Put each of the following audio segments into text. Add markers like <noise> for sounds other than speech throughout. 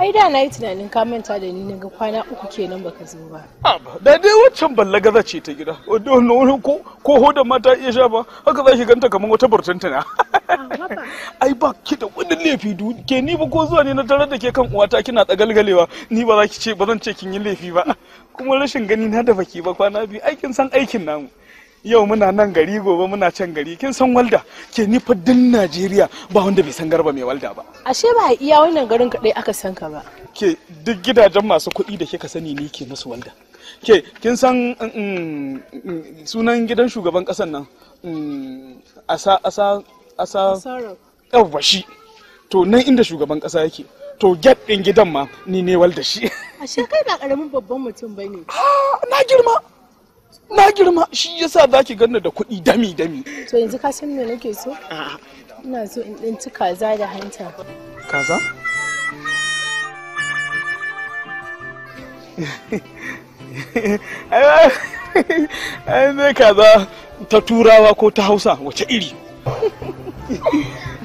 ai da na yi tunanin ka manta da ni naga kwana uku kenan baka zo ba da dai waccan ballagaza ce ta gida wanda wani ko ko hodan mata iya sha ba haka za ki ganta kamar wata na <laughs> ai ba ki da wani laifi ke ni ba ko zuwa ne na tarar da ke kan uwata kina tsagalgalewa ni ba za ki ce ba zan ce kin yi laifi ba <laughs> kuma rashin gani na da baki ba kwana biyu aikin san aikin namu yau muna nan gari gobe muna can gari kin san walda ke ni din Najeriya ba wanda bai san garba mai walda ba ashe ba iya wannan garin kadai aka san ka ba ke duk gidajen masu kuɗi da kika sani ni ke musu walda ke kin san mm, mm, mm, sunan gidan shugaban ƙasan nan asa asa asa yawwa shi to nan inda shugaban ƙasa yake to get ɗin gidan ma ni ne walda shi ashe kai ba ƙaramin babban mutum bane ah, na girma na girma shi yasa za ki ganna da kuɗi dami dami to yanzu ka san me nake so ina so in ɗinci kaza da hanta kaza <laughs> ai ne kaza ta turawa ko ta hausa wace iri <laughs>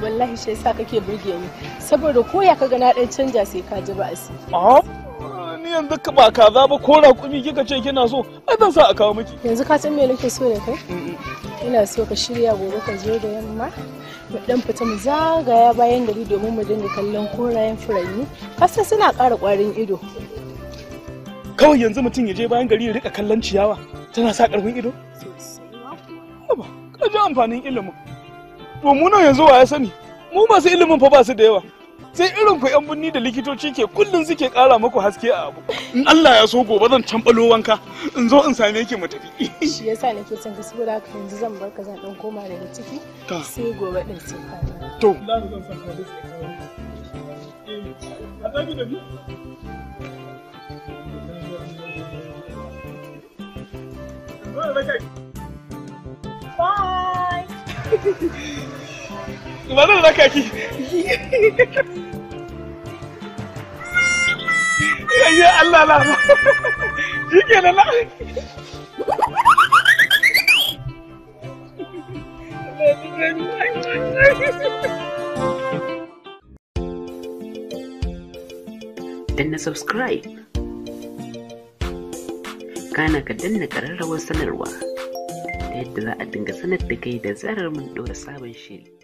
wallahi shi yasa kake burge ni saboda koya kaga na dan canja sai ka ji ba asiri yanzu ka ba kaza ba ko raƙumi kika ce kina so ai zan sa a kawo miki yanzu ka san me nake so da kai ina so ka shirya gobe ka zo da yamma mu dan fita mu zagaya bayan gari domin mu dinga kallon korayen furanni kasa suna ƙara ƙwarin ido kawai yanzu mutum ya je bayan gari ya rika kallon ciyawa tana sa ƙarfin ido ka ji amfanin ilimin to mu nan yanzu wa ya sani mu masu ilimin fa ba su da yawa sai irin ku 'yan birni da likitoci ke kullum suke kara maku haske a abu in Allah ya so gobe zan tambalo wanka in zo in same ki mu tafi shi yasa nake son ka da haka yanzu zan barka zan dan koma daga ciki sai gobe din sai to Bye. <laughs> ba zan raka ki Allah na shi na Danna subscribe kana ka danna ƙararrawar sanarwa ta yadda za a dinga sanar da kai da zarar mun ɗora sabon shiri.